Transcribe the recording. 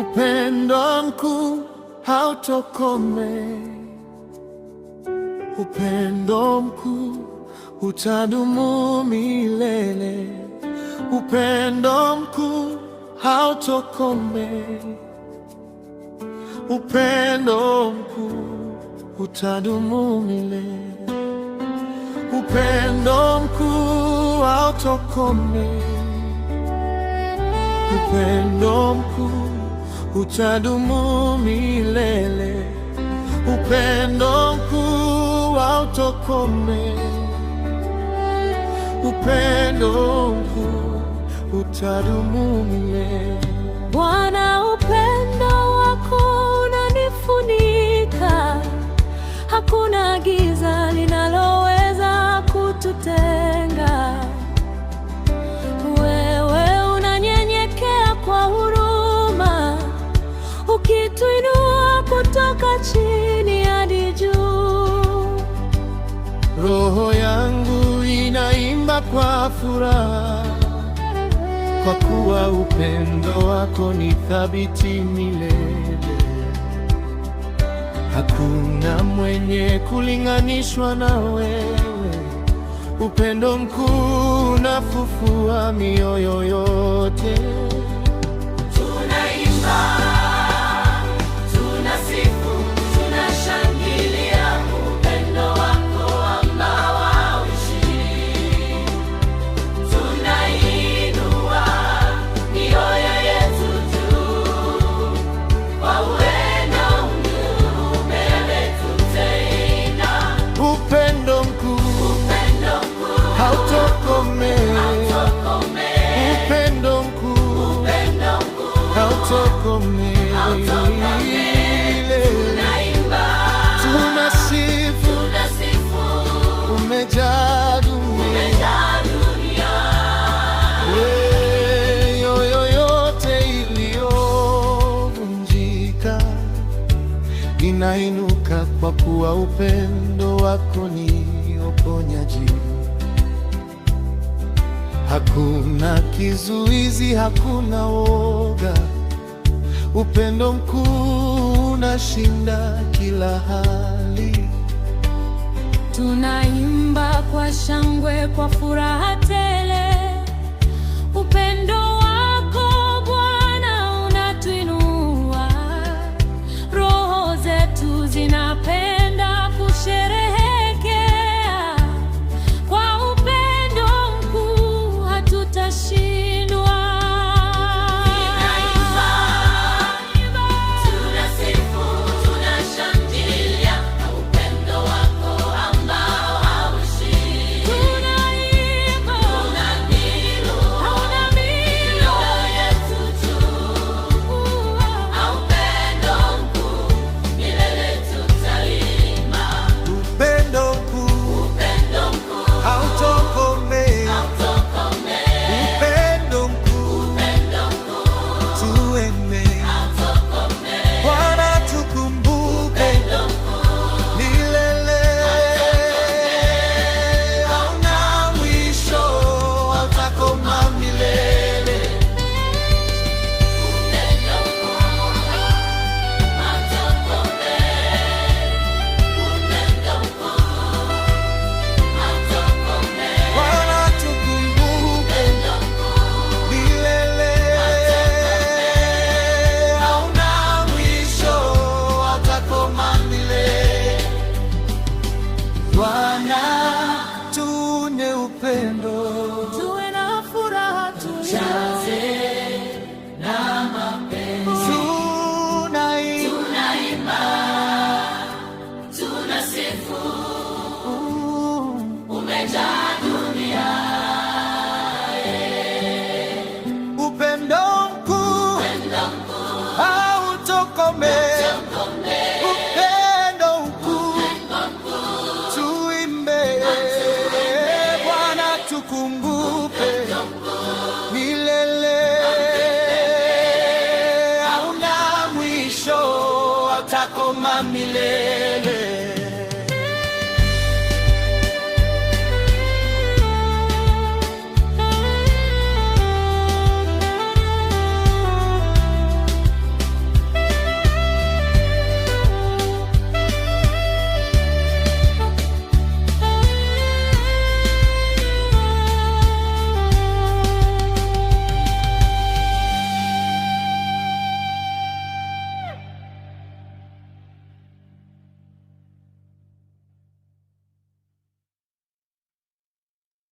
Upendo mkuu hautokome, upendo mkuu utadumu milele, upendo mkuu hautokome, upendo mkuu utadumu milele, upendo mkuu hautokome, upendo mkuu utadumu milele, upendo mkuu hautokome, upendo mkuu utadumu milele. Bwana, upendo wako unanifunika, hakuna giza roho yangu inaimba kwa furaha, kwa kuwa upendo wako ni thabiti milele. Hakuna mwenye kulinganishwa na wewe, upendo mkuu unafufua mioyo yote. Tunaimba autokomile, tunasifu iliyovunjika inainuka, kwa kuwa upendo wako ni uponyaji. Hakuna kizuizi, hakuna woga Upendo mkuu unashinda kila hali. Tunaimba kwa shangwe, kwa furaha tele upendo, tuwe na furaha, tujaze na mapenzi, tunaimba, tunasifu, mm. umejaa dunia, upendo mkuu hautokomee milele.